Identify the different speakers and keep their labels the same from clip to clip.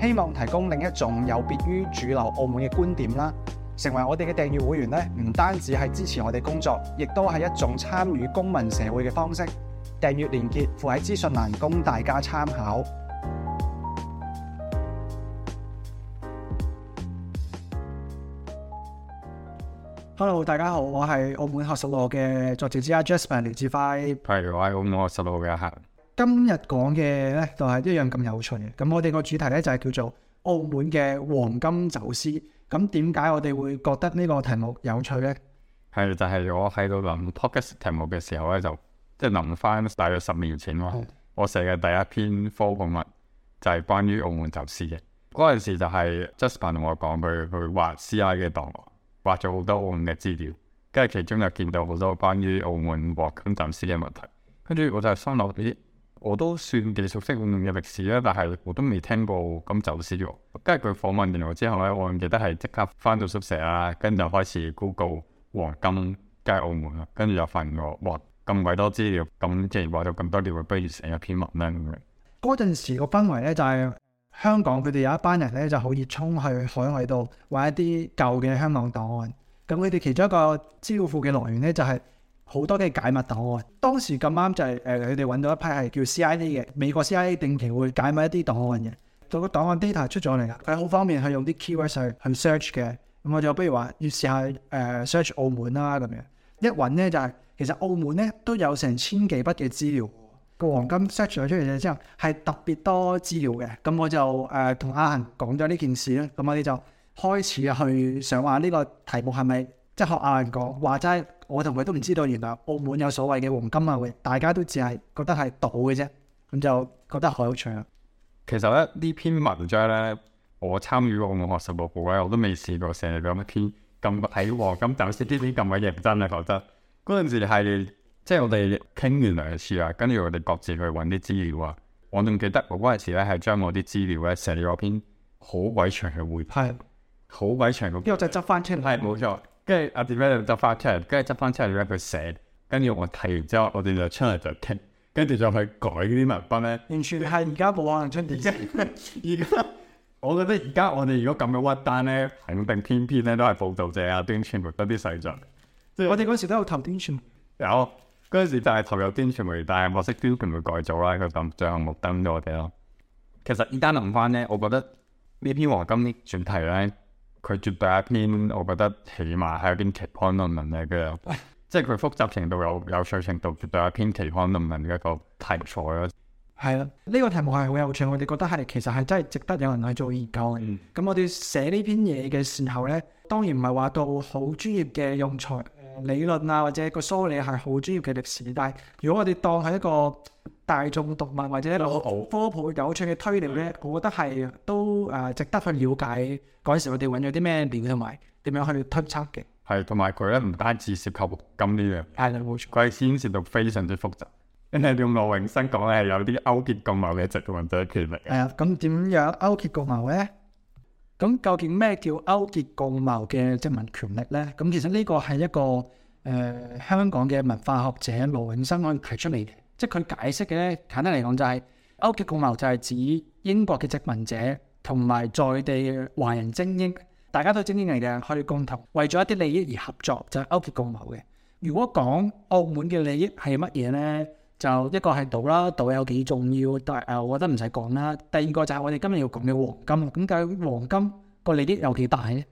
Speaker 1: 希望提供另一種有別於主流澳門嘅觀點啦，成為我哋嘅訂閱會員咧，唔單止係支持我哋工作，亦都係一種參與公民社會嘅方式。訂閱連結附喺資訊欄，供大家參考。Hello，大家好，我係澳門學術路嘅作者之一 Jasper，嚟自快。
Speaker 2: Hi，我係澳門學術路嘅阿恆。
Speaker 1: 今日講嘅咧就係一樣咁有趣嘅，咁我哋個主題咧就係、是、叫做澳門嘅黃金走私。咁點解我哋會覺得呢個題目有趣呢？
Speaker 2: 係就係、是、我喺度諗 podcast 題目嘅時候咧，就即係諗翻大約十年前咯、嗯。我寫嘅第一篇科普文就係、是、關於澳門走私嘅。嗰陣時就係 Jasper 同我講，佢佢畫 C.I. 嘅檔案，畫咗好多澳門嘅資料，跟住其中就見到好多關於澳門黃金走私嘅問題，跟住我就心諗咦～我都算幾熟悉澳門嘅歷史啦，但係我都未聽過咁走私喎。跟住佢訪問完我之後咧，我唔記得係即刻翻到宿舍啊，跟住就開始 Google 黃金街澳門啦。跟住就發現我哇，咁鬼多資料，咁即係話到咁多料，不如寫一篇文章咁樣。
Speaker 1: 嗰陣時個氛圍咧就係、是、香港佢哋有一班人咧就好熱衷去海外度揾一啲舊嘅香港檔案。咁佢哋其中一個資料庫嘅來源咧就係、是。好多嘅解密檔案，當時咁啱就係佢哋揾到一批係叫 CIA 嘅美國 CIA 定期會解密一啲檔案嘅，到個檔案 data 出咗嚟，佢好方便去用啲 keyword 去去 search 嘅。咁我就不如話試下誒 search 澳門啦咁樣，一揾咧就係、是、其實澳門咧都有成千幾筆嘅資料，個黃金 search 咗出嚟之後係特別多資料嘅。咁我就同、呃、阿恒講咗呢件事啦，咁我哋就開始去想話呢個題目係咪即係學阿恒講話齋。我同佢都唔知道，原來澳門有所謂嘅黃金啊！大家都只係覺得係賭嘅啫，咁就覺得好有趣啊！
Speaker 2: 其實咧呢篇文章咧，我參與澳門學術報告嘅，我都未試過寫咁一篇咁睇黃金，但好似呢篇咁鬼認真啊！講得嗰陣時係即係我哋傾完兩次啊，跟住我哋各自去揾啲資料啊。我仲記得我嗰陣時咧係將我啲資料咧寫咗篇好鬼長嘅回批，好鬼長嘅，因為再執翻出嚟，係冇錯。跟住阿主編就執翻出嚟，跟住執翻出嚟咧，佢寫，跟住我睇完之後，我哋就出嚟就聽，跟住就去改嗰啲文筆咧。完全係而家冇可能出電視。而 家我覺得而家我哋如果咁嘅屈單咧，肯定偏偏咧都係報道者阿端全部嗰啲細作。即係我哋嗰時都有投端傳，有嗰陣時就係投入端傳媒，但係我識端傳媒改咗啦，佢就最後目咗我哋咯。其實依單諗翻咧，我覺得呢篇黃金咧，選題咧。佢絕對係一篇，我覺得起碼係一篇期刊論文嘅， 即係佢複雜程度有有趣程度，絕對係一篇期刊論文嘅一個題材咯。
Speaker 1: 係啦，呢個題目係好有趣，我哋覺得係其實係真係值得有人去做研究。咁我哋寫呢篇嘢嘅時候咧，當然唔係話到好專業嘅用材理論啊，或者個梳理係好專業嘅歷史，但係如果我哋當係一個，大眾讀物或者科普有趣嘅推理咧，我覺得係都誒值得去了解，嗰陣時我哋揾咗啲咩料同埋點樣去推測嘅。
Speaker 2: 係，同埋佢咧唔單止涉及金呢樣，係啦冇錯。佢係牽涉到非常之複雜，因為羅永生講係有啲勾結共謀嘅殖民者權力。
Speaker 1: 係啊，咁點樣勾結共謀咧？咁究竟咩叫勾結共謀嘅殖民權力咧？咁其實呢個係一個誒香港嘅文化學者羅永生去提出嚟嘅。即係佢解釋嘅咧，簡單嚟講就係勾結共謀，就係指英國嘅殖民者同埋在地華人精英，大家都精英嚟嘅，可以共同為咗一啲利益而合作，就係勾結共謀嘅。如果講澳門嘅利益係乜嘢咧，就一個係賭啦，賭有幾重要，但係誒，我覺得唔使講啦。第二個就係我哋今日要講嘅黃金，咁究竟黃金個利益有幾大咧？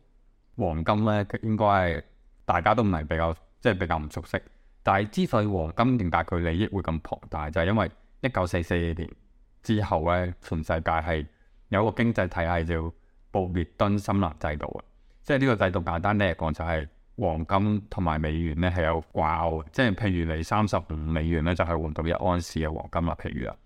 Speaker 2: 黃金咧應該係大家都唔係比較，即係比較唔熟悉。但係之所以黃金定大概利益會咁龐大，就係、是、因為一九四四年之後咧，全世界係有一個經濟體系叫布列敦森林制度啊。即係呢個制度簡單啲嚟講，就係黃金同埋美元咧係有掛鈎嘅，即係譬如你三十五美元咧就係、是、換到一盎司嘅黃金啊。譬如啊，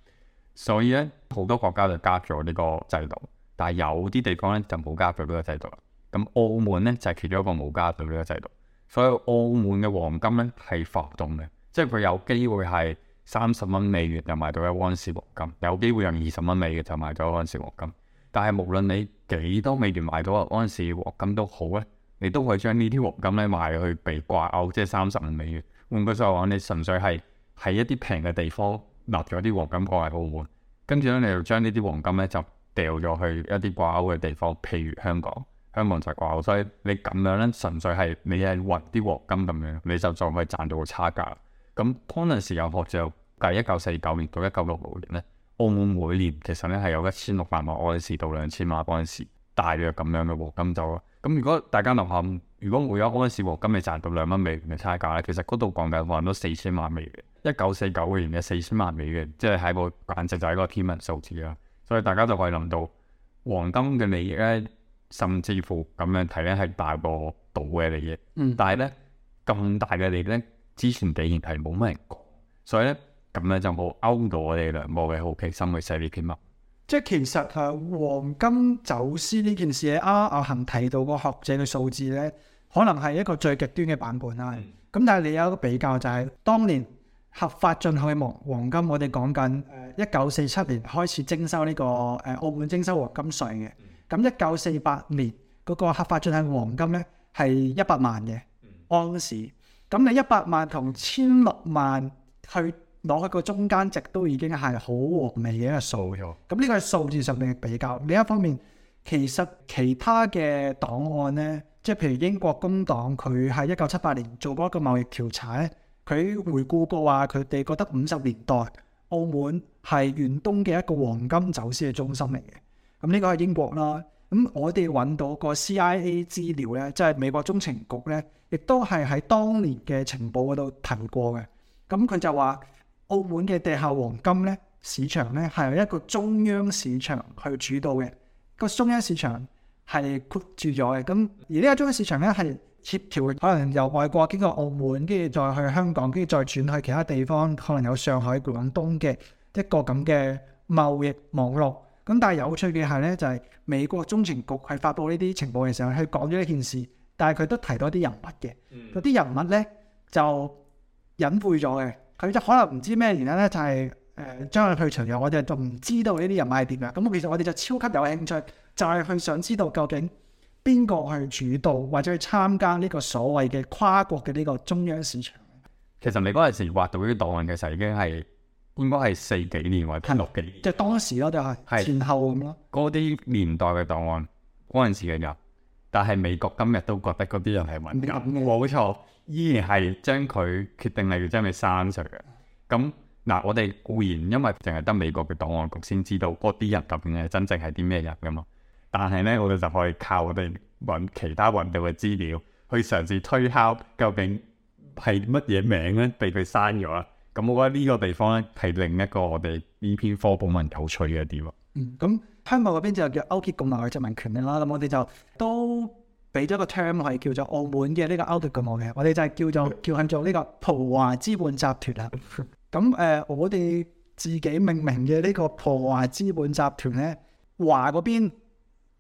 Speaker 2: 所以咧好多國家就加咗呢個制度，但係有啲地方咧就冇加咗呢個制度啦。咁澳門咧就係、是、其中一個冇加咗呢個制度。所以澳門嘅黃金咧係浮動嘅，即係佢有機會係三十蚊美元就買到一安士黃金，有機會用二十蚊美元就買到一安士黃金。但係無論你幾多美元買到一安士黃金都好咧，你都可以將呢啲黃金咧賣去被掛鈎，即係三十五美元。換句説話，你純粹係喺一啲平嘅地方攞咗啲黃金過嚟澳門，跟住咧你就將呢啲黃金咧就掉咗去一啲掛鈎嘅地方，譬如香港。香港就習慣，所以你咁樣咧，純粹係你係運啲黃金咁樣，你就就係賺到個差價。咁嗰陣時有學者計一九四九年到一九六六年咧，澳門每年其實咧係有一千六百萬安士到兩千萬安士大約咁樣嘅黃金就咁。如果大家諗下，如果每一安士黃金你賺到兩蚊美元嘅差價咧，其實嗰度講緊可能都四千萬美元。一九四九年嘅四千萬美元，即係喺個簡直就係一個天文數字啦。所以大家就可以諗到黃金嘅利益咧。甚至乎咁樣睇咧，係大過賭嘅利益，嗯，但係咧，咁大嘅利益咧，之前竟然係冇乜人講，所以咧咁咧就冇勾到我哋兩波嘅好奇心去寫呢篇文。
Speaker 1: 即係其實誒黃金走私呢件事，阿阿恆提到個學者嘅數字咧，可能係一個最極端嘅版本啦。咁、嗯、但係你有一個比較就係、是、當年合法進口嘅黃黃金，我哋講緊誒一九四七年開始徵收呢個誒澳門徵收黃金稅嘅。咁一九四八年嗰個合法進口黃金咧，係一百萬嘅盎司。咁你一百萬同千六萬去攞去個中間值，都已經係好和味嘅一個數。咁呢個係數字上面嘅比較。另一方面，其實其他嘅檔案咧，即係譬如英國工黨佢喺一九七八年做過一個貿易調查咧，佢回顧過話，佢哋覺得五十年代澳門係遠東嘅一個黃金走私嘅中心嚟嘅。咁、這、呢個係英國啦，咁我哋揾到個 CIA 資料咧，即、就、係、是、美國中情局咧，亦都係喺當年嘅情報嗰度提過嘅。咁佢就話澳門嘅地下黃金咧市場咧係由一個中央市場去主導嘅，個中央市場係括住咗嘅。咁而呢個中央市場咧係協調，可能由外國經過澳門，跟住再去香港，跟住再轉去其他地方，可能有上海、廣東嘅一個咁嘅貿易網絡。咁但係有趣嘅係咧，就係、是、美國中情局係發布呢啲情報嘅時候，佢講咗一件事，但係佢都提到一啲人物嘅。嗰啲人物咧就隱晦咗嘅，佢就可能唔知咩原因咧，就係、是、誒、呃、將佢去除咗。我哋就唔知道呢啲人物係點樣。咁其實我哋就超級有興趣，就係、是、去想知道究竟邊個去主導或者去參加呢個所謂嘅跨國嘅呢個中央市場。
Speaker 2: 其實你嗰陣時挖到呢啲檔案嘅時候已經係。應該係四幾年或者六幾年，即係當
Speaker 1: 時咯、就係，就係前
Speaker 2: 後咁咯。嗰啲年代嘅檔案，嗰陣時嘅人，但係美國今日都覺得嗰啲人係敏感，冇錯，依然係將佢決定嚟要將佢刪除嘅。咁、嗯、嗱、啊，我哋固然因為淨係得美國嘅檔案局先知道嗰啲人究竟係真正係啲咩人噶嘛，但係咧我哋就可以靠我哋揾其他揾到嘅資料去嘗試推敲究竟係乜嘢名咧畀佢刪咗啊！咁我覺得呢個地方咧係另一個我哋呢篇科普文有趣嘅一啲嗯，
Speaker 1: 咁香港嗰邊就叫勾結共謀嘅殖民權力啦，咁我哋就都俾咗個 term 係叫做澳門嘅呢個勾結共謀嘅，我哋就係叫做叫佢做呢個葡華資本集團啦。咁誒、呃，我哋自己命名嘅呢個葡華資本集團咧，華嗰邊。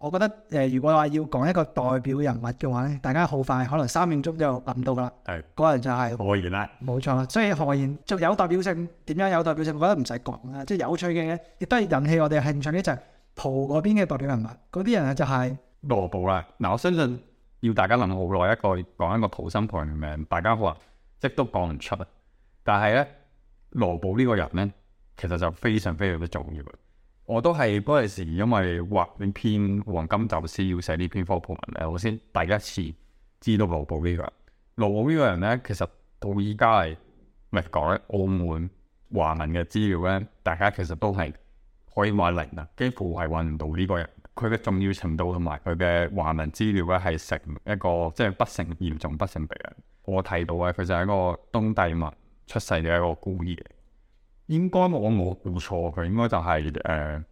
Speaker 1: 我覺得誒，如果話要講一個代表人物嘅話咧，大家好快可能三秒鐘就諗到噶啦。係，嗰人就係何賢啦。冇錯，所以何賢就有代表性。點樣有代表性？我覺得唔使講啦，即係有趣嘅嘢，亦都係引起我哋興趣咧，就係葡嗰邊嘅代表人物。嗰啲人啊，就係
Speaker 2: 羅布啦。嗱，我相信要大家諗好耐一個講一個葡心葡人嘅名，大家可能即都講唔出啊。但係咧，羅布呢個人咧，其實就非常非常之重要啊。我都係嗰陣時，因為畫呢篇《黃金走私》要寫呢篇科普文咧，我先第一次知道羅寶呢個人。羅寶呢個人咧，其實到依家係咪講咧？澳門華文嘅資料咧，大家其實都係可以話零啊，幾乎係揾唔到呢個人。佢嘅重要程度同埋佢嘅華文資料咧，係成一個即係、就是、不成嚴重不成比例。我睇到啊，佢就係一個東帝汶出世嘅一個孤兒。應該我冇冇錯，佢應該就係誒，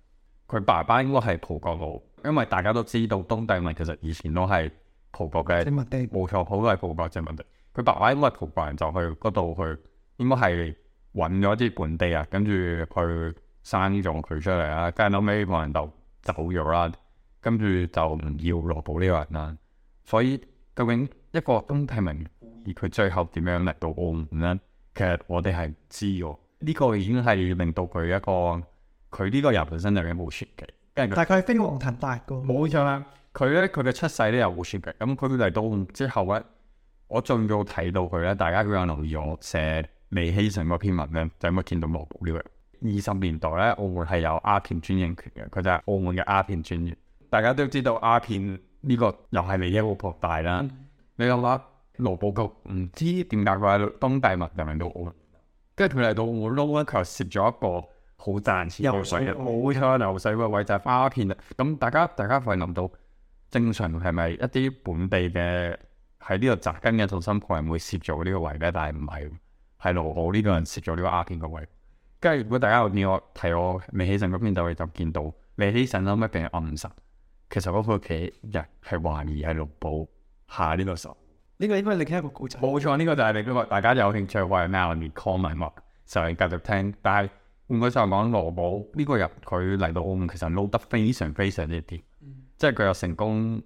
Speaker 2: 佢爸爸應該係葡國佬，因為大家都知道東帝汶其實以前都係葡國嘅殖民地，冇錯，葡都係葡國殖民地。佢爸爸應該係葡國人，就去嗰度去應該係揾咗啲本地啊，跟住去生種佢出嚟啦。跟住後尾，葡人就走咗啦，跟住就唔要落補呢個人啦。所以究竟一個東帝汶而佢最後點樣嚟到澳門咧？其實我哋係唔知嘅。呢、這個已經係令到佢一個佢呢個人本身就有冇雪傳奇，跟但係佢係
Speaker 1: 飛黃騰達個。冇錯啦，
Speaker 2: 佢咧佢嘅出世咧又冇雪奇，咁佢哋都之後尾我盡早睇到佢咧，大家都有留意我寫利希慎嗰篇文咧，就有冇見到羅保呢個人二十年代咧？澳門係有鴉片專營權嘅，佢就係澳門嘅鴉片專營。大家都知道鴉片呢個又係利益好龐大啦。你諗下，羅保局唔知點解佢喺東帝汶入面到澳。跟住佢嚟到我，我撈佢又攝咗一個好賺錢嘅水啊！冇錯，油水個位就係花片。咁大家大家可能諗到正常係咪一啲本地嘅喺呢度扎根嘅土生葡人係會攝咗呢個位咧？但係唔係係盧好呢個人攝咗呢個鴉片個位？跟、嗯、住如果大家有見我睇我未起神嗰邊，就係就見到未起神，後尾變暗神。其實嗰個屋企日係懷疑喺盧寶下呢個手。呢、這個應該你聽一個故仔。冇錯，呢、這個就係你嗰個大家有興趣話係咩啊？Recall 埋落嚟，成日繼續聽。但係換句上講，羅寶呢個人佢嚟到澳門，其實撈得非常非常之掂、嗯。即係佢又成功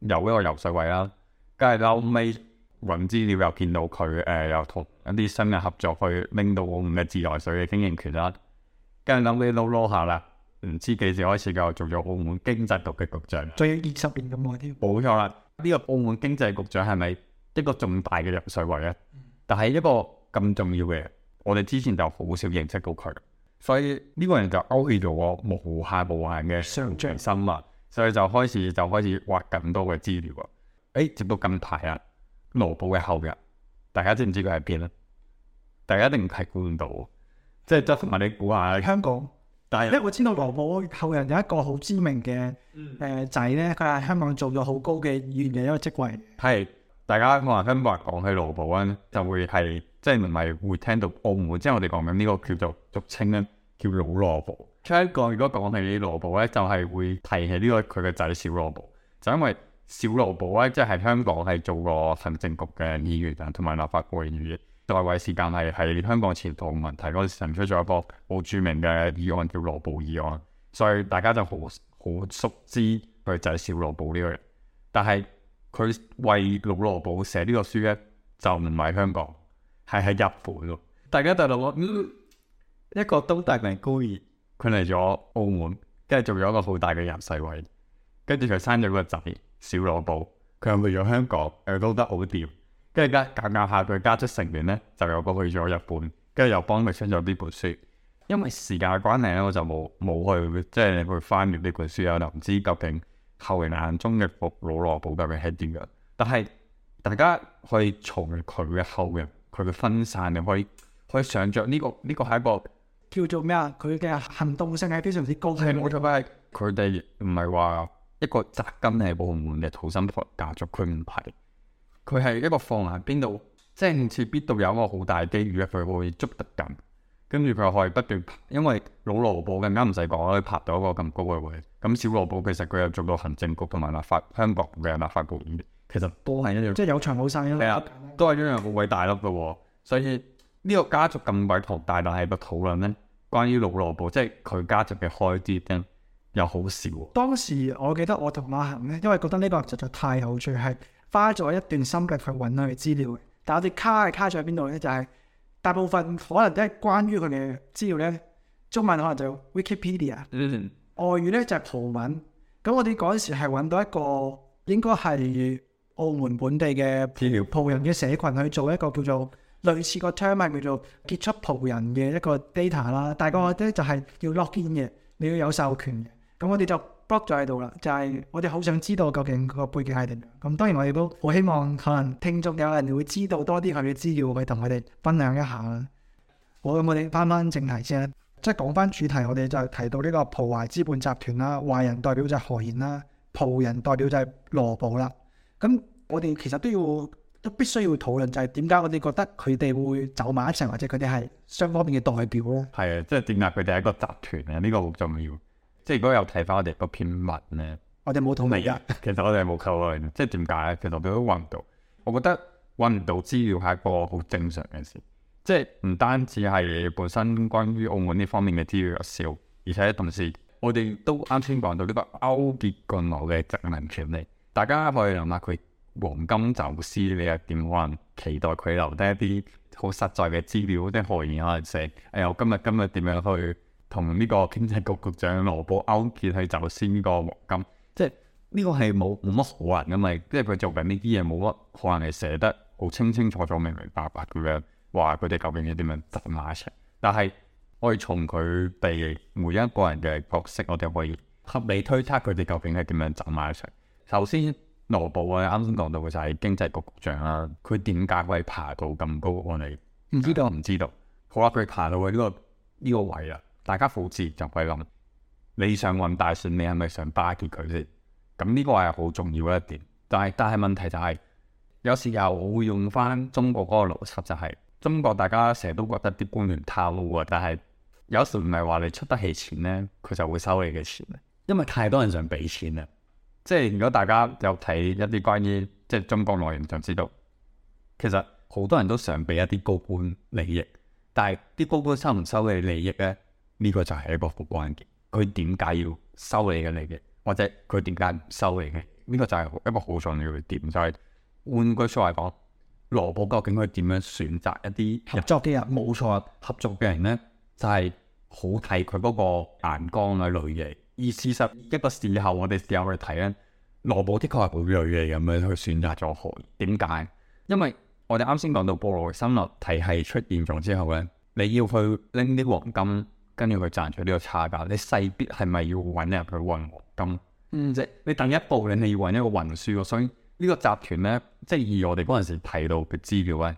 Speaker 2: 遊一個游水位啦，跟住後尾揾資料又見到佢誒，又同、呃、一啲新嘅合作去拎到澳門嘅自來水嘅經營權啦。跟住諗屘撈撈下啦，唔知幾時開始就做咗澳門經濟局嘅局長。仲要
Speaker 1: 二十年咁耐
Speaker 2: 添。冇錯啦，呢、這個澳門經濟局長係咪？一個重大嘅入水位咧，但係一個咁重要嘅，我哋之前就好少認識到佢，所以呢個人就勾起咗我無限無限嘅上進心啊！所以就開始就開始挖更多嘅資料啊！誒，直到近排啊，羅布嘅後人，大家知唔知佢喺邊咧？大家一定係估唔到，即係 Jasper，你估下？香港。但係咧，我
Speaker 1: 知道羅布後人有一個好知名嘅誒仔咧，佢、嗯、喺、呃就是、香港做咗好高嘅議員，嘅一個職位，
Speaker 2: 係。大家可能今日講起蘿卜咧，就會係即係唔係會聽到澳門，即係我哋講緊呢個叫做俗稱咧，叫老蘿卜。出一個，如果講起蘿卜咧，就係會提起呢個佢嘅仔小蘿卜，就因為小蘿卜咧，即係香港係做過行政局嘅議員啊，同埋立法會議員嘅，在位時間係喺香港前途問題嗰陣出咗一波好著名嘅議案叫蘿卜議案，所以大家就好好熟知佢仔小蘿卜呢個人，但係。佢為老羅寶寫呢個書咧，就唔係香港，係喺日本咯。大家睇到冇？一個都大名高二，佢嚟咗澳門，跟住做咗一個好大嘅入世位，跟住佢生咗個仔小羅寶，佢又嚟咗香港，佢都得好掂，跟住隔隔下佢家出成年咧，就又過去咗日本，跟住又幫佢出咗呢本書。因為時間嘅關係咧，我就冇冇去即係去翻譯呢本書啊，我就唔知究竟。後人眼中嘅古老羅布格嘅係點樣？但係大家可以從佢嘅後人佢嘅分散，你可以可以想象呢、這個呢、這個係一個
Speaker 1: 叫做咩啊？佢嘅行動性係非常之
Speaker 2: 高。係冇錯，佢哋唔係話一個扎根係澳門嘅土生葡家族，佢唔係佢係一個放眼邊度，即係唔似邊度有一個好大機遇，佢會捉得緊。跟住佢又可以不斷爬，因為老羅保更加唔使講啦，爬到一個咁高嘅位。咁小羅保其實佢又做到行政局同埋立法香港嘅立法局，其實都係一樣，即係有長冇細咯。都係一樣好鬼大粒嘅喎。所以呢個家族咁偉大，但係不討論咧，關於老羅保即係佢家族嘅開啲咧，又好少。
Speaker 1: 當時我記得我同阿恆咧，因為覺得呢個實在太有趣，係花咗一段心力去揾佢嘅資料，但係我哋卡嘅卡咗喺邊度咧？就係、是。大部分可能都係關於佢哋嘅資料咧，中文可能就 Wikipedia、mm -hmm. 外語咧就係、是、葡文。咁我哋嗰陣時係揾到一個應該係澳門本地嘅葡人嘅社群去做一個叫做類似個 term 係叫做傑出葡人嘅一個 data 啦。但係個咧就係要 login 嘅，你要有授權嘅。咁我哋就。block 咗喺度啦，就係、是、我哋好想知道究竟個背景係點。咁當然我哋都好希望可能聽眾有人會知道多啲佢嘅資料，去同我哋分享一下啦。好咁，我哋翻翻正題先，即係講翻主題，我哋就提到呢個葡華資本集團啦，華人代表就係何賢啦，葡人代表就係羅布啦。咁我哋其實都要都必須要討論，就係點解我哋覺得佢哋會，會走埋一齊，或者佢哋係雙方面嘅代表咧？
Speaker 2: 係啊，即係點解佢哋係一個集團啊？呢、這個好重要。即係如果有睇翻我哋嗰篇文咧，我哋冇討論啊！其實我哋係冇求佢，即係點解？其實我哋都揾唔到，我覺得揾唔到資料係一個好正常嘅事。即係唔單止係本身關於澳門呢方面嘅資料少，而且同時我哋都啱先講到呢個勾結共謀嘅殖民權力。大家可以諗下佢黃金走私，你又點可能期待佢留低一啲好實在嘅資料，啲學員可能寫：哎呀，我今日今日點樣去同呢個經濟局局長羅布勾結去走私呢個黃金，即係呢個係冇冇乜可能噶嘛？即係佢做緊呢啲嘢冇乜可能係寫得好清清楚楚、明明白白咁樣話佢哋究竟係點樣得埋一齊。但係我哋從佢哋每一個人嘅角色，我哋可以合理推測佢哋究竟係點樣走埋一齊。首先，羅布啊，啱先講到嘅就係經濟局局長啦、啊。佢點解可以爬到咁高？我哋唔知道，唔知道。好啦，佢爬到去、這、呢個呢、這個位啦、啊。大家好自然就會諗，你想運大算，你係咪想巴結佢先？咁呢個係好重要嘅一點。但係但係問題就係、是、有時候我會用翻中國嗰個邏輯，就係中國大家成日都覺得啲官員貪污啊，但係有時唔係話你出得起錢呢，佢就會收你嘅錢。因為太多人想俾錢啦。即係如果大家有睇一啲關於即係中國內容，就知道其實好多人都想俾一啲高官利益，但係啲高官收唔收你利益呢？呢、這個就係一個關鍵，佢點解要收你嘅利益，或者佢點解唔收你嘅？呢、這個就係一個好重要嘅點。就係、是、換句説話講，羅布究竟佢點樣選擇一啲合作嘅人？冇錯，合作嘅人咧就係好睇佢嗰個眼光嘅類型。而事實一個事後，我哋試下去睇咧，羅布的確係好類型。咁樣去選擇咗佢。點解？因為我哋啱先講到布羅心律體系出現咗之後咧，你要去拎啲黃金。跟住佢賺取呢個差價，你勢必係咪要揾人去運黃金？嗯，即你第一步，你係要揾一個運輸嘅。所以呢個集團呢，即係以我哋嗰陣時睇到嘅資料呢，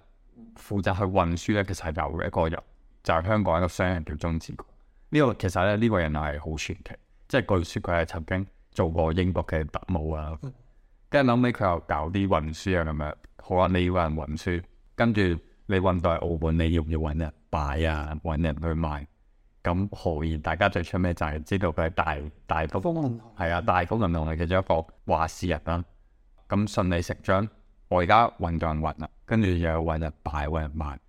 Speaker 2: 負責去運輸咧，其實係有一個人就係、係、香港一個商人叫鐘志國呢、呢個其實咧，呢、呢個人係好傳奇，即係據說佢係曾經做過英國嘅特務啊。跟住諗起佢又搞啲運輸啊，咁樣好啊。你要揾人運輸，跟住你運到去澳門，你要唔要揾人擺啊？揾人去賣。咁何賢？大家最出名就係知道佢係大大豐，係啊，大豐銀行係其中一個話事人啦。咁順理成章，我而家運作運啦，跟住又運啊敗，運啊慢。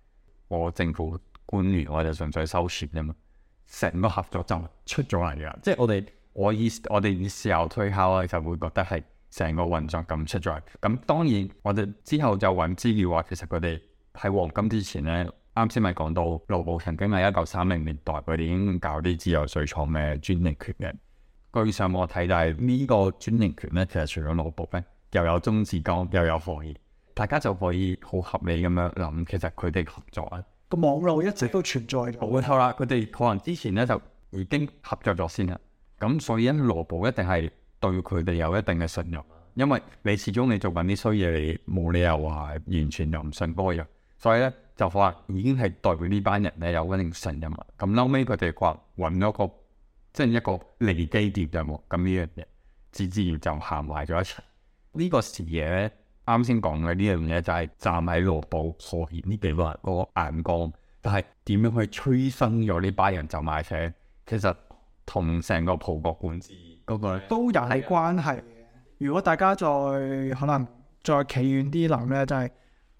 Speaker 2: 我政府官員我就純粹收錢啫嘛。成個合作就出咗嚟噶，即係我哋我以我哋以事後推敲咧，就會覺得係成個運作咁出咗嚟。咁當然我哋之後就揾資料話，其實佢哋喺黃金之前咧。啱先咪講到羅保曾經喺一九三零年代佢哋已經搞啲自來水廠嘅專營權嘅。據上網睇就係呢個專營權咧，其實除咗羅保咧，又有鍾志剛，又有何賢，大家就可以好合理咁樣諗，其實佢哋合作啊，個
Speaker 1: 網絡一直都存在。
Speaker 2: 好啦，佢哋可能之前咧就已經合作咗先啦。咁所以呢，羅保一定係對佢哋有一定嘅信任，因為你始終你做緊啲衰嘢，你冇理由話完全又唔信嗰個人，所以咧。就話已經係代表呢班人咧有穩定信任啊！咁後尾佢哋話揾咗個即係一個利基店啫喎，咁、就、呢、是、樣嘢自然就行壞咗一層。呢、這個時事野咧，啱先講嘅呢樣嘢就係站喺羅保、何賢呢幾個人個眼光，但係點樣去催生咗呢班人就買車。其實同成個葡國管治
Speaker 1: 嗰個都有關係。如果大家再可能再企遠啲諗咧，就係、是。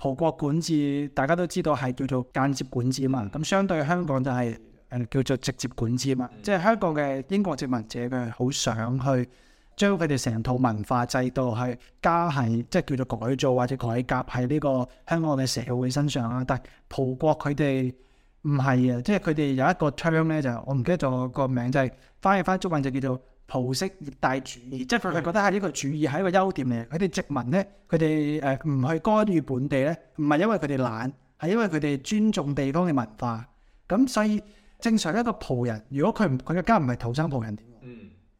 Speaker 1: 葡國管治大家都知道係叫做間接管治啊嘛，咁相對香港就係、是、誒、呃、叫做直接管治啊嘛，即係香港嘅英國殖民者佢好想去將佢哋成套文化制度去加係，即係叫做改造或者改革喺呢個香港嘅社會身上啦、啊。但係葡國佢哋唔係啊，即係佢哋有一個 term 咧，就我唔記得咗個名，就係、是、翻譯翻中文就叫做。葡式熱帶主義，即係佢哋覺得係一個主義，係一個優點嚟。佢哋殖民呢，佢哋誒唔去干預本地呢，唔係因為佢哋懶，係因為佢哋尊重地方嘅文化。咁所以正常一個葡人，如果佢唔佢嘅家唔係土生葡人，嗯，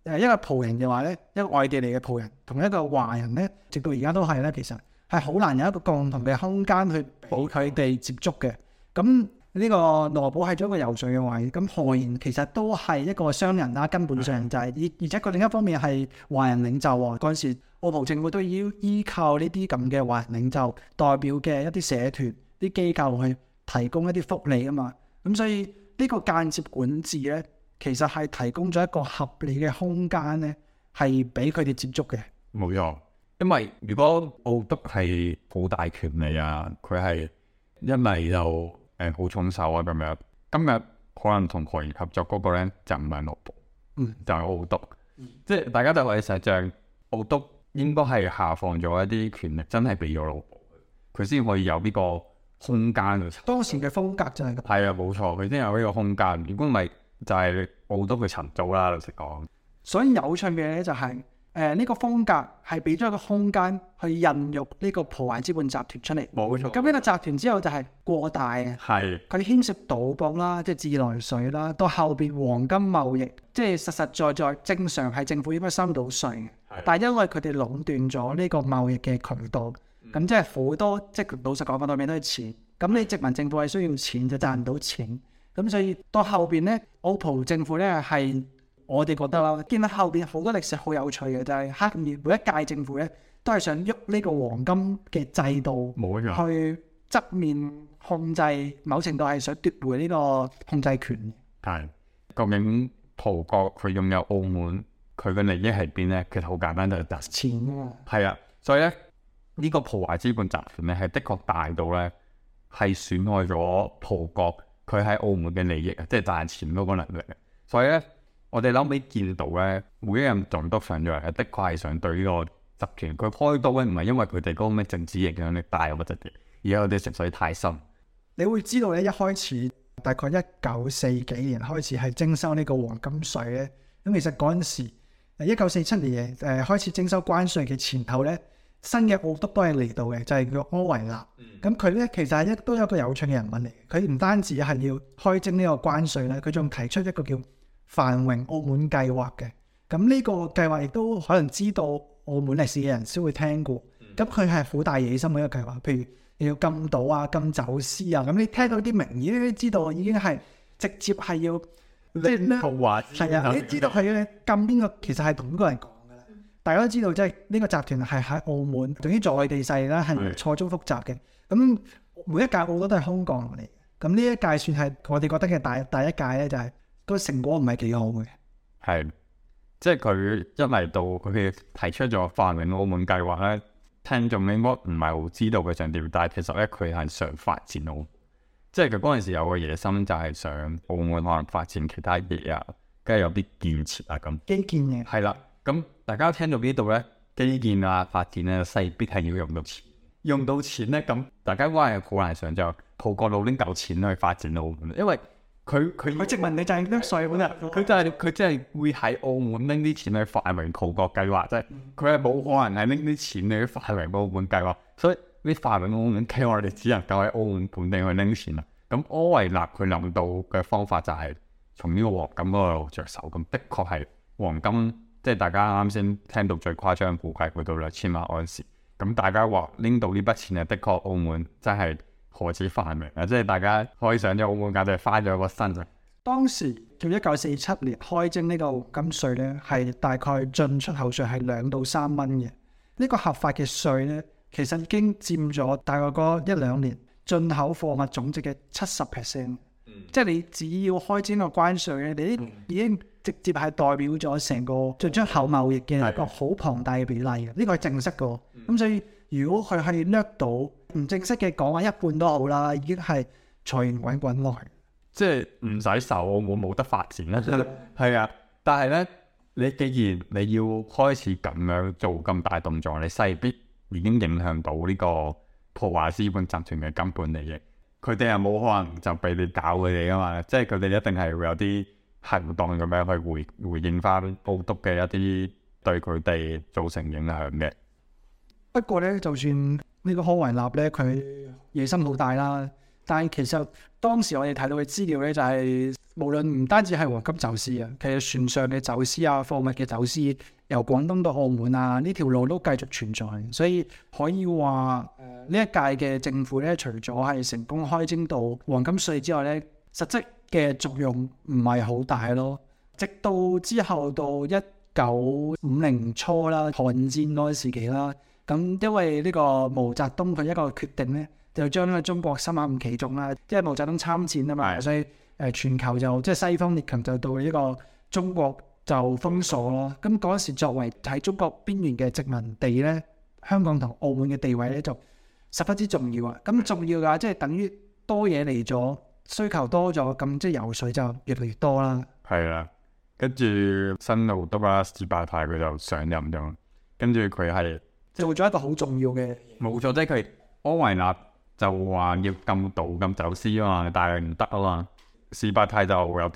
Speaker 1: 誒一個葡人嘅話呢，一個外地嚟嘅葡人，同一個華人呢，直到而家都係呢，其實係好難有一個共同嘅空間去俾佢哋接觸嘅。咁。呢、這個羅保係咗一個游水嘅位，咁何賢其實都係一個商人啦，啊。根本上就係、是，而而且佢另一方面係華人領袖喎，啊。嗰陣時澳葡政府都要依靠呢啲咁嘅華人領袖代表嘅一啲社團、啲機構去提供一啲福利啊嘛。咁所以呢個間接管治咧，其實係提供咗一個合理嘅空間咧，係俾佢哋接觸嘅。
Speaker 2: 冇錯，因為如果澳督係好大權力啊，佢係因為又。誒、嗯，好重手啊咁樣，今日可能同何賢合作嗰個咧就唔係羅保，就係澳督，即係大家都可以想像，澳督應該係下放咗一啲權力，真係俾咗羅保，佢先可以有呢個,、嗯、個空間。當時嘅風格就係咁，係啊冇錯，佢先有呢個空間。如果唔係，就係澳督嘅層組啦，老實講。
Speaker 1: 所以有趣嘅咧就係、是。誒、呃、呢、這個風格係俾咗一個空間去孕育呢個葡華資本集團出嚟，冇錯。咁呢個集團之後就係過大嘅，係佢牽涉賭博啦，即、就、係、是、自來水啦，到後邊黃金貿易，即係實實在在正常係政府應該收到稅嘅，但係因為佢哋壟斷咗呢個貿易嘅渠道，咁、嗯、即係好多即係老實講，我到變咗係錢。咁你殖民政府係需要錢就賺唔到錢，咁、嗯、所以到後邊呢，澳葡政府呢係。是我哋覺得啦，見、嗯、到後邊好多歷史好有趣嘅，就係下面每一屆政府咧，都係想喐呢個黃金嘅制度，冇錯，去側面控制，某程度係想奪回呢個控制權。
Speaker 2: 係，究竟葡國佢擁有澳門佢嘅利益係邊咧？其實好簡單，就係賺錢啊。係啊，所以咧呢個葡華資本集團咧係的確大到咧係損害咗葡國佢喺澳門嘅利益啊，即係賺錢嗰個能力。所以咧。我哋諗屘見到咧，每一任總督上嚟係的確係想對呢個集團，佢開刀咧，唔係因為佢哋嗰個咩政治影響力大，我覺得而家佢哋實在太深。
Speaker 1: 你會知道咧，一開始大概一九四幾年開始係徵收呢個黃金稅咧。咁其實嗰陣時，一九四七年誒開始徵收關稅嘅前頭咧，新嘅澳督都係嚟到嘅，就係叫柯維納。咁佢咧其實係一都有一個有趣嘅人物嚟嘅，佢唔單止係要開徵呢個關稅咧，佢仲提出一個叫。繁榮澳門計劃嘅，咁呢個計劃亦都可能知道澳門歷史嘅人先會聽過。咁佢係好大野心嘅一個計劃，譬如要禁賭啊、禁走私啊。咁你聽到啲名義，你知道已經係直接係要即係豪華啊，你知道係咧禁邊個？其實係同個人講噶啦。大家都知道，即係呢個集團係喺澳門、嗯，總之在地勢啦，係錯綜複雜嘅。咁、嗯、每一屆好多都係空降嚟。咁呢一屆算係我哋覺得嘅第一屆咧，就係、是。個成果唔係幾好嘅，
Speaker 2: 係即係佢一嚟到佢提出咗繁榮澳門計劃咧，聽眾應該唔係好知道佢想點，但係其實咧佢係想發展澳門，即係佢嗰陣時有個野心就係想澳門可能發展其他嘢啊，跟住有啲建設啊咁基建嘅係啦，咁大家聽到呢度咧基建啊發展咧勢必係要用到錢，用到錢咧咁大家嗰係好難想就抱個腦拎夠錢去發展澳門，因為。佢佢佢直問你就係拎稅本，佢就係佢真係會喺澳門拎啲錢去範圍葡國計劃啫。佢係冇可能係拎啲錢去範圍澳門計劃，所以啲範圍澳門計劃，其實我哋只能夠喺澳門本地去拎錢啦。咁柯維納佢諗到嘅方法就係從呢個黃金嗰度着手。咁的確係黃金，即係大家啱先聽到最誇張嘅估計佢到兩千萬安司。咁大家話拎到呢筆錢啊，的確澳門真係，何止翻命啊！即係大家可以上啲澳門，簡直係翻咗個身啊！
Speaker 1: 當時做一九四七年開徵呢個金稅咧，係大概進出口稅係兩到三蚊嘅。呢、這個合法嘅稅咧，其實已經佔咗大概嗰一兩年進口貨物總值嘅七十 percent。即係你只要開徵個關稅咧，你啲已經直接係代表咗成個進出口貿易嘅一個好龐大嘅比例嘅。呢、嗯這個係正式嘅，咁、嗯、所以。如果佢係掠到唔正式嘅講話一半都好啦，已經係財源滾滾來。
Speaker 2: 即係唔使愁，我冇得發展啦。係啊，但係咧，你既然你要開始咁樣做咁大動作，你勢必已經影響到呢個普華資本集團嘅根本利益。佢哋係冇可能就俾你搞佢哋噶嘛，即係佢哋一定係會有啲行動咁樣去回回應翻澳督嘅一啲對佢哋造成影響嘅。
Speaker 1: 不過咧，就算個立呢個柯維納咧，佢野心好大啦。但其實當時我哋睇到嘅資料咧，就是，就係無論唔單止係黃金走私啊，其實船上嘅走私啊、貨物嘅走私由廣東到澳門啊，呢條路都繼續存在。所以可以話呢一屆嘅政府咧，除咗係成功開徵到黃金稅之外咧，實際嘅作用唔係好大咯。直到之後到一九五零初啦，韓戰嗰時期啦。咁，因為呢個毛澤東佢一個決定咧，就將呢個中國深陷於其中啦。因為毛澤東參戰啊嘛，所以誒全球就即係西方列強就到呢個中國就封鎖咯。咁嗰時作為喺中國邊緣嘅殖民地咧，香港同澳門嘅地位咧就十分之重要啊。咁重要嘅話，即係等於多嘢嚟咗，需求多咗，咁即係油水就越嚟越多啦。
Speaker 2: 係啦，跟住新澳督啊，史伯泰佢就上任咗，跟住佢係。
Speaker 1: 就是、做咗一個好重要嘅，
Speaker 2: 冇錯啫。佢柯維納就話要禁賭、禁走私啊嘛，但係唔得啊嘛。史伯泰就會有啲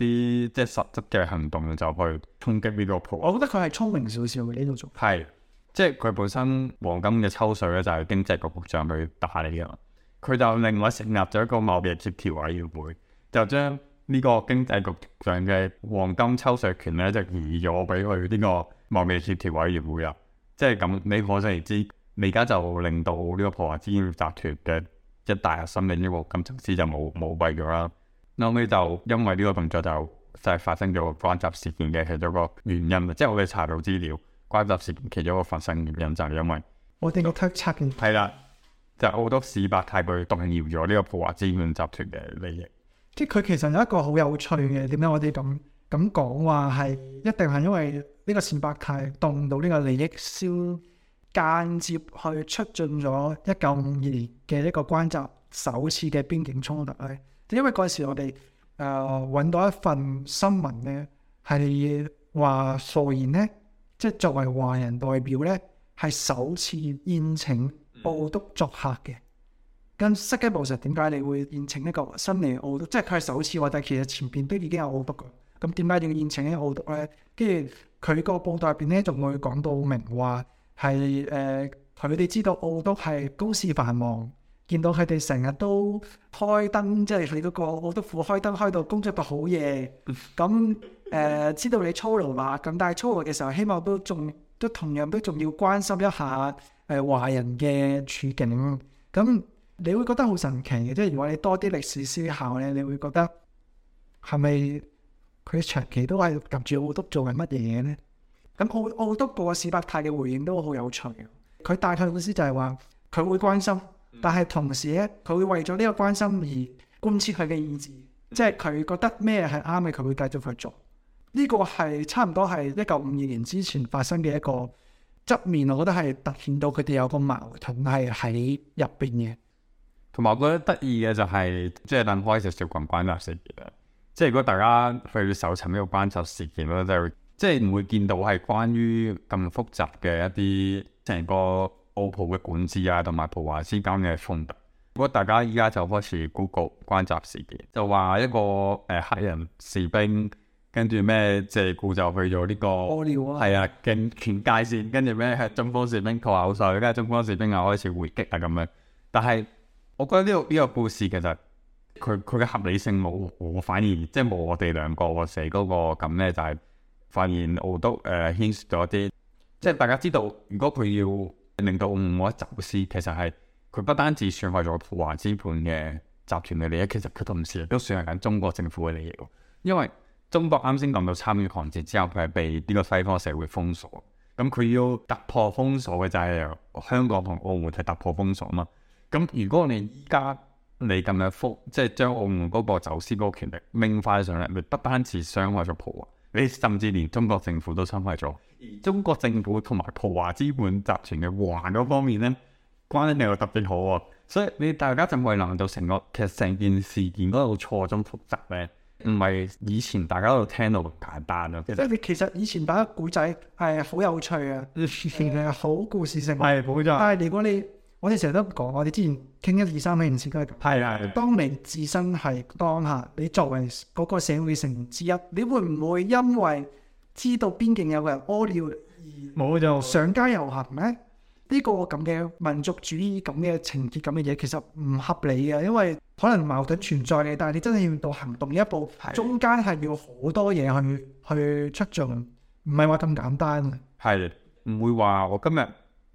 Speaker 2: 即係實質嘅行動，就去衝擊呢個鋪。我覺得佢係聰明少少嘅。呢度做，係即係佢本身黃金嘅抽水咧，就係經濟局局長去打理㗎嘛。佢就另外成立咗一個貿易協調委員會，就將呢個經濟局長嘅黃金抽水權咧，就移咗俾佢呢個貿易協調委員會入。即係咁，你可想而知，未家就令到呢個普華資業集團嘅一大核心利益，金甚至就冇冇幣咗啦。後尾就因為呢個動作就就係、是、發生咗關閘事件嘅其中一個原因，即、就、係、是、我哋查到資料，關閘事件其中一個發生原因就係因為
Speaker 1: 我哋嘅測 t 驗，
Speaker 2: 係啦，就好多市伯太過動搖咗呢個普華資業集團嘅利益。即
Speaker 1: 係佢其實有一個好有趣嘅點解，我哋咁咁講話係一定係因為。呢、這個善伯泰動到呢個利益，消間接去促進咗一九五二年嘅一個關閘首次嘅邊境衝突咧。因為嗰陣時我哋誒揾到一份新聞咧，係話何賢呢，即係作為華人代表咧，係首次宴請澳督作客嘅。咁識嘅部實點解你會宴請呢個新嚟澳督？即係佢係首次話，但係其實前邊都已經有澳督噶。咁點解要宴請喺澳督咧？跟住佢個報道入邊咧，仲會講到明話係誒，佢哋知道澳督係公事繁忙，見到佢哋成日都開燈，即係你嗰個澳督府開燈開到工作到好夜。咁誒，知道你操勞嘛？咁但係操勞嘅時候，希望都仲都同樣都仲要關心一下誒華人嘅處境。咁你會覺得好神奇嘅，即係如果你多啲歷史思考咧，你會覺得係咪？佢長期都係及住澳督做緊乜嘢呢？咁澳澳督部嘅史伯泰嘅回應都好有趣。佢大概嘅意思就係話佢會關心，但係同時咧，佢會為咗呢個關心而貫徹佢嘅意志，即係佢覺得咩係啱嘅，佢會繼續去做。呢、這個係差唔多係一九五二年之前發生嘅一個側面，我覺得係突顯到佢哋有個矛盾係喺入邊嘅。
Speaker 2: 同埋我覺得得意嘅就係，即係能開就少逛逛廿即係如果大家去搜尋呢個關閘事件咧，就即係唔會見到係關於咁複雜嘅一啲成個澳葡嘅管治啊，同埋葡華之間嘅衝突。如果大家依家就開始 Google 關閘事件，就話一個誒、呃、黑人士兵跟住咩即藉故就去咗呢、這個係、oh, yeah. 啊警戒線，跟住咩向中方士兵扣口哨，而家中方士兵又開始回擊啊咁樣。但係我覺得呢、這個呢、這個故事其實佢佢嘅合理性冇，我反而即係冇我哋兩個寫嗰、那個咁咧，就係發現我都誒牽、呃、涉咗啲，即係大家知道，如果佢要令到澳門冇得走私，其實係佢不單止損害咗台灣資本嘅集團嘅利益，其實佢同時都損害緊中國政府嘅利益，因為中國啱先講到參與韓戰之後，佢係被呢個西方社會封鎖，咁佢要突破封鎖嘅就係香港同澳門去突破封鎖嘛，咁如果你依家。你咁樣覆，即係將澳門嗰個走私嗰個權力掹翻上嚟，唔不單止傷害咗葡華啊，你甚至連中國政府都傷害咗。而中國政府同埋葡華資本集團嘅華嗰方面咧，關係又特別好喎、啊。所以你大家就為難到成個，其實成件事件嗰個錯綜複雜咧，唔係以前大家都聽到咁簡單啊。即
Speaker 1: 係其實以前打個古仔係好有趣啊，其 實 好故事性。係冇錯。但係如果你我哋成日都講，我哋之前傾一二三幾件事都係咁。係啊，當你自身係當下，你作為嗰個社會成員之一，你會唔會因為知道邊境有個人屙尿而冇就上街遊行咧？呢個咁嘅民族主義咁嘅情結咁嘅嘢，其實唔合理嘅，因為可能矛盾存在嘅。但係你真係要到行動一步，中間係要好多嘢去去出盡，唔係話咁簡單
Speaker 2: 嘅。係唔會話我今日。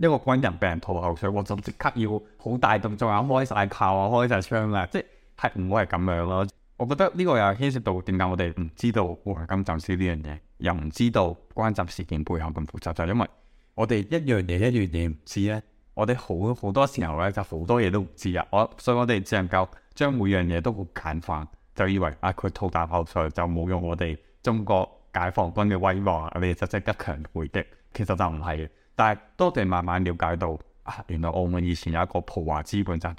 Speaker 2: 一個軍人被人吐口水，我就即刻要好大動作啊！開晒炮啊，開晒槍啊！即係唔會係咁樣咯。我覺得呢個又牽涉到點解我哋唔知道黃金走私呢樣嘢，又唔知道關閘事件背後咁複雜，就因為我哋一樣嘢一樣嘢唔知呢，我哋好好多時候呢就好多嘢都唔知啊。我所以我哋只能夠將每樣嘢都好簡化，就以為啊佢吐啖口水就冇用我哋中國解放軍嘅威望啊！我哋就即刻強回擊，其實就唔係。但係，多哋慢慢了解到啊，原來澳門以前有一個普華資本集團，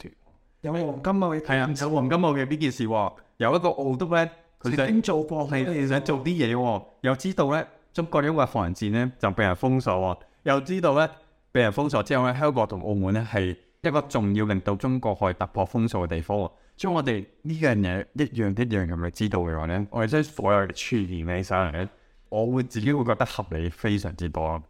Speaker 2: 有黃金啊嘅。係啊，有黃金啊嘅呢件事喎，有一個澳督咧，佢曾經做過，係想做啲嘢喎。又知道咧，中國呢個韓戰咧就被人封鎖喎。又知道咧，被人封鎖之後咧，香港同澳門咧係一個重要令到中國可以突破封鎖嘅地方啊。將我哋呢樣嘢一樣一樣咁去知道嘅話咧，我哋將所有嘅串聯咧，起上嚟咧，我會自己會覺得合理非常之多。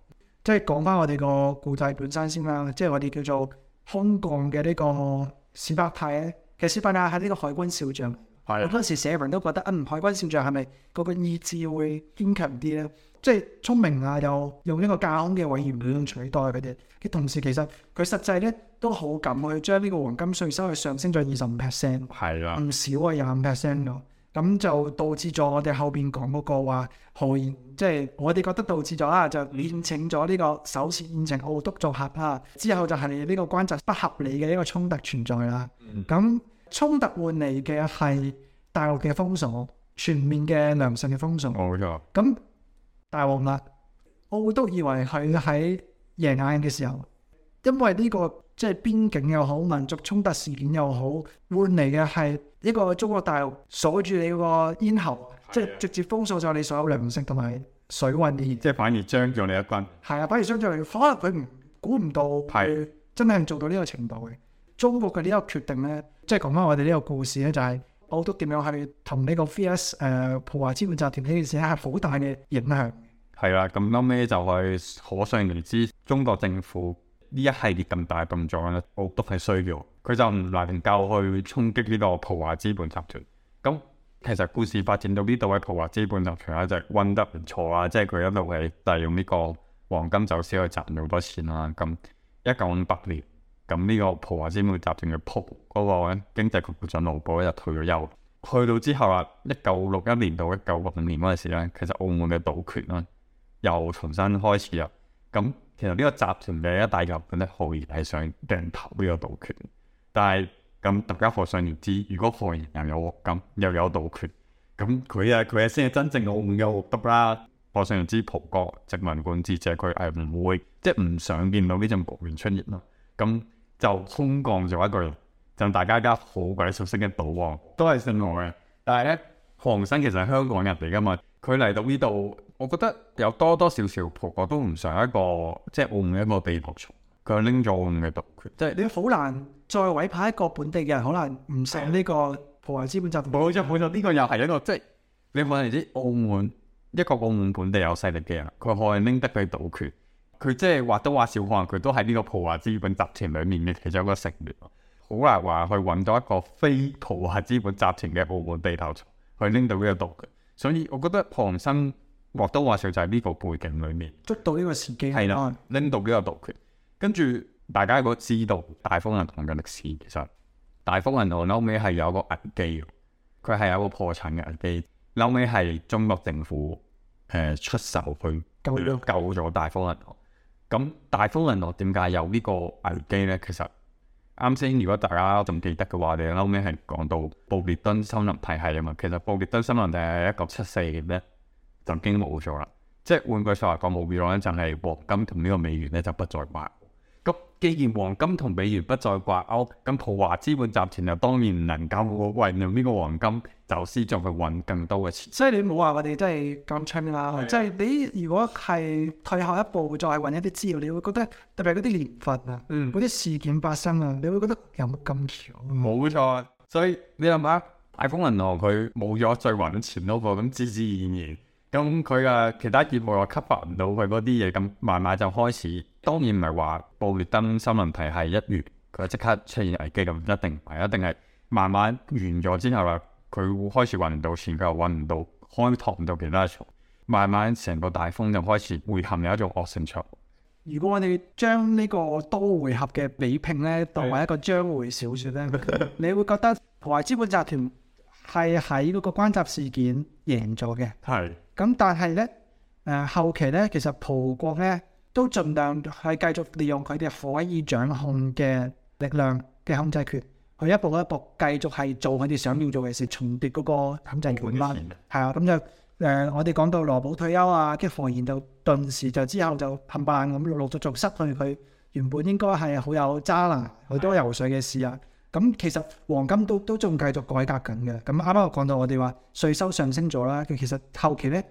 Speaker 1: 即係講翻我哋個故仔本身先啦，即係我哋叫做空降嘅呢個史伯泰咧，嘅史伯泰啊，係呢個海軍少將。係啊。嗰陣時，寫文都覺得嗯、啊，海軍少將係咪嗰個意志會堅強啲咧？即係聰明啊，又用呢個架空嘅位員嚟取代佢哋。嘅同時，其實佢實際咧都好敢去將呢個黃金稅收去上升咗二十五 percent。係啦。唔少啊，廿五 percent 咯。咁就導致咗我哋後邊講嗰個話，何然？即係我哋覺得導致咗啦，就宴請咗呢個首次宴請澳督做客啊，之後就係呢個關閘不合理嘅一個衝突存在啦。咁、嗯、衝突換嚟嘅係大陸嘅封鎖，全面嘅良性嘅封鎖。冇錯。咁大鑊啦，澳督以為佢喺贏眼嘅時候，因為呢個。即係邊境又好，民族衝突事件又好，換嚟嘅係一個中國大陸鎖住你個咽喉，即係直接封鎖咗你所有糧食同埋水運嘅，即係反而將咗你一軍。係啊，反而將咗你，可能佢唔估唔到，係真係做到呢個程度嘅，中國嘅呢個決定咧，即係講翻我哋呢個故事咧，就係、是、澳督點樣去同呢個 VS 誒普華資本集團呢件事咧，係好大嘅影響。係啦、
Speaker 2: 就是，咁啱尾就係可想而知，中國政府。呢一系列咁大動作咧，我都係需要。佢就唔難教去衝擊呢個普華資本集團。咁其實故事發展到呢度，位普華資本集團咧就係搵得唔錯啊，即係佢一路係利用呢個黃金走私去賺到好多錢啦。咁一九五八年，咁呢個普華資本集團嘅鋪嗰個咧經濟局局長盧就退咗休。去到之後啊，一九六一年到一九六年嗰陣時咧，其實澳門嘅賭權咧，啊、又重新開始啦。咁其實呢個集團嘅一大部分咧，何賢係想訂投呢個賭權。但係咁大家可想而知，如果何賢又有黃金又有賭權，咁佢啊佢啊先係真正澳門嘅澳督啦。可想而知葡國殖民管治者佢係唔會，即係唔想見到呢種局面出現咯。咁就空降咗一個，就大家家好鬼熟悉嘅賭王，都係姓何嘅。但係咧，何鴻燊其實係香港人嚟噶嘛，佢嚟到呢度。我覺得有多多少少葡國都唔想一個即係澳門一個地頭蟲，佢拎咗澳門嘅賭權，
Speaker 1: 即係你好難再委派一個本地嘅人，可能唔上呢個葡華資本集團。冇錯，冇錯，呢、
Speaker 2: 這個又係一個 即係你可能知澳門一個澳門本地有勢力嘅人，佢可能拎得佢賭權，佢即係或多或少可能佢都喺呢個葡華資本集團裡面嘅其中一個成員。好難話去揾到一個非葡華資本集團嘅澳門地頭蟲去拎到呢個賭權，所以我覺得龐生。或多或少就喺呢個背景裏面捉到呢個時機，係啦，拎、啊、到呢個道權。跟住大家如果知道大豐銀行嘅歷史，其實大豐銀行後尾係有一個危機，佢係有個破產嘅危機。後尾係中國政府誒、呃、出手去救救咗大豐銀行。咁大豐銀行點解有呢個危機咧？其實啱先，如果大家仲記得嘅話，你後尾係講到布列敦森林體系啊嘛。其實布列敦森林體系係一九七四年咧。就已經冇咗啦，即係換句說話講冇變咗咧，就係黃金同呢個美元咧就不再掛。咁既然黃金同美元不再掛鈎，咁普華資本集團又當然唔能夠運用呢個黃金走私再去揾更多嘅錢。
Speaker 1: 所以你冇話我哋真係咁蠢啦，即係、啊就是、你如果係退後一步，再揾一啲資料，你會覺得特別嗰啲年份啊，嗰、嗯、啲事件發生啊，你會覺得有乜咁巧、啊？
Speaker 2: 冇錯，所以你諗下，大豐銀行佢冇咗再揾錢嗰個，咁自自然然。咁佢嘅其他業務又吸發唔到佢嗰啲嘢，咁慢慢就開始。當然唔係話布列頓森林體系一月，佢即刻出現危機咁，一定唔係，一定係慢慢完咗之後啦，佢會開始搵唔到錢，佢又搵唔到開拓唔到其他嘅場，慢慢成個大風就開始匯合有一種惡性循環。
Speaker 1: 如果我哋將呢個多回合嘅比拼咧，當作為一個章回小說咧，的 你會覺得華爾街資本集團？係喺嗰個關閘事件贏咗嘅，咁但係呢，誒、呃、後期呢，其實葡國呢都盡量係繼續利用佢哋可以掌控嘅力量嘅控制權，去一步一步繼續係做佢哋想要做嘅事，嗯，重奪嗰個控制權啦。係啊，咁就誒、呃、我哋講到羅保退休啊，跟住何賢就頓時就之後就冚唪唥咁陸陸續續失去佢原本應該係好有揸拿好多油水嘅事野。咁其實黃金都都仲繼續改革緊嘅。咁啱啱我講到我哋話稅收上升咗啦，其實後期咧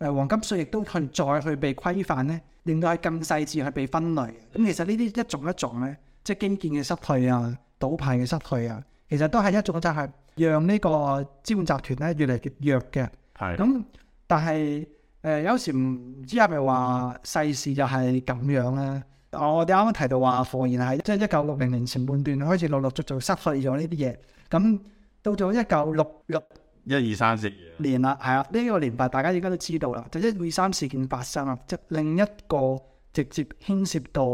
Speaker 1: 誒黃金稅亦都去再去被規範咧，令到係咁細緻去被分類。咁、嗯、其實呢啲一種一種咧，即係基建嘅衰退啊、賭牌嘅衰退啊，其實都係一種就係讓呢個資本集團咧越嚟越弱嘅。係。咁但係誒、呃、有時唔知係咪話世事就係咁樣咧、啊？我哋啱啱提到話，何賢係即係一九六零年前半段開始陸陸續續失去咗呢啲嘢。咁到咗一九六六、一二三四年啦，係啊，呢個年代大家而家都知道啦，就一二三事件發生啦，即係另一個直接牽涉到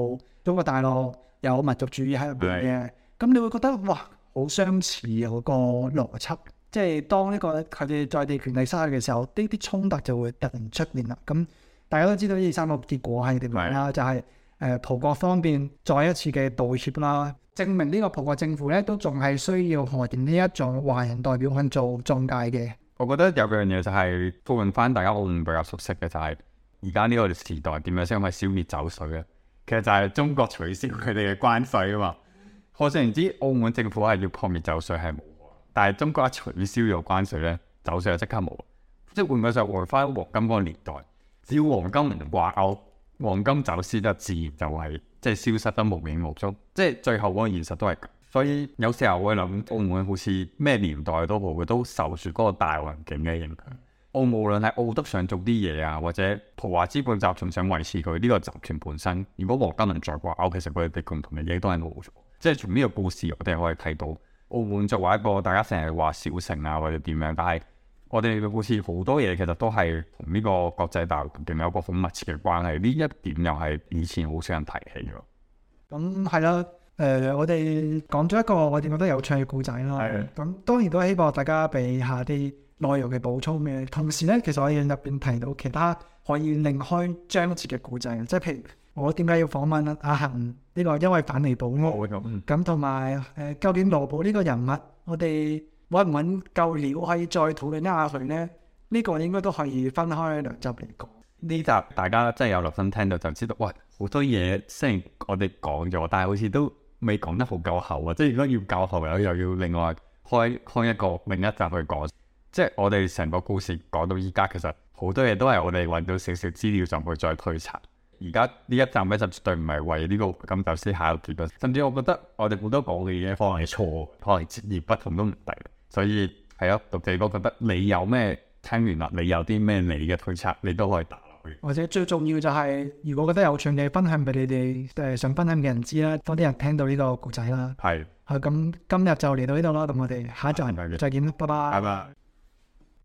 Speaker 1: 中國大陸有民族主義喺入邊嘅。咁、嗯、你會覺得哇，好相似嗰、那個邏輯，即、就、係、是、當呢、這個佢哋在地權利失去嘅時候，呢啲衝突就會突然出現啦。咁大家都知道一二三個結果係點樣啦，就係、是。誒、呃、葡國方面再一次嘅道歉啦，證明呢個葡國政府咧都仲係需要何賢呢一種華人代表去做中介嘅。
Speaker 2: 我覺得有個樣嘢就係討論翻大家澳門比較熟悉嘅、就是，就係而家呢個時代點樣先可以消滅走私咧？其實就係中國取消佢哋嘅關稅啊嘛。可想而知，澳門政府係要撲滅走私係冇望，但係中國一取消咗關稅咧，走私就即刻無。即係換句話就話翻黃金嗰個年代，只要黃金唔掛鈎。黃金走私得自然就係、是、即係消失得無影無蹤，即係最後嗰個現實都係咁。所以有時候會諗，澳門好似咩年代都好，佢都受住嗰個大環境嘅影響。澳無論喺澳德想做啲嘢啊，或者葡華資本集團想維持佢呢、這個集團本身，如果黃金文在嘅話，其實佢哋確共同嘅嘢都係冇咗。即係從呢個故事，我哋可以睇到澳門作為一個大家成日話小城啊，或者點樣，但係。我哋嘅故事好多嘢，其實都係同呢個國際大環境有個好密切嘅關係。呢一點又係以前好少人提起
Speaker 1: 咁係啦，誒、嗯呃，我哋講咗一個我哋覺得有趣嘅故仔啦。咁、嗯、當然都希望大家俾下啲內容嘅補充嘅。同時咧，其實我哋入邊提到其他可以另開章節嘅故仔，即係譬如我點解要訪問阿恒呢、這個，因為反尼保屋咁，同埋誒究竟羅寶呢個人物我哋？揾唔揾夠料可以再討論一下佢咧？呢個應該都可以分開兩集嚟講。呢集
Speaker 2: 大家真係有留心聽到就知道，哇！好多嘢雖然我哋講咗，但係好似都未講得好夠喉啊。即係如果要夠喉，又又要另外開開一個另一集去講。即係我哋成個故事講到依家，其實好多嘢都係我哋揾到少少資料就去再推測。而家呢一站咧，這個，就絕對唔係為呢個金投思考。下一個結論，甚至我覺得我哋好多講嘅嘢可能係錯，可能截然不同都唔定。所以係咯，啊，讀地哥覺得你有咩聽完啦，你有啲咩你嘅推測，你都可以打落
Speaker 1: 去。或者最重要就係，如果覺得有趣嘅分享俾你哋，誒想分享嘅人知啦，多啲人聽到呢個故仔啦。係。係、啊，咁，今日就嚟到呢度啦。咁我哋下一集再見拜拜。拜拜。拜拜。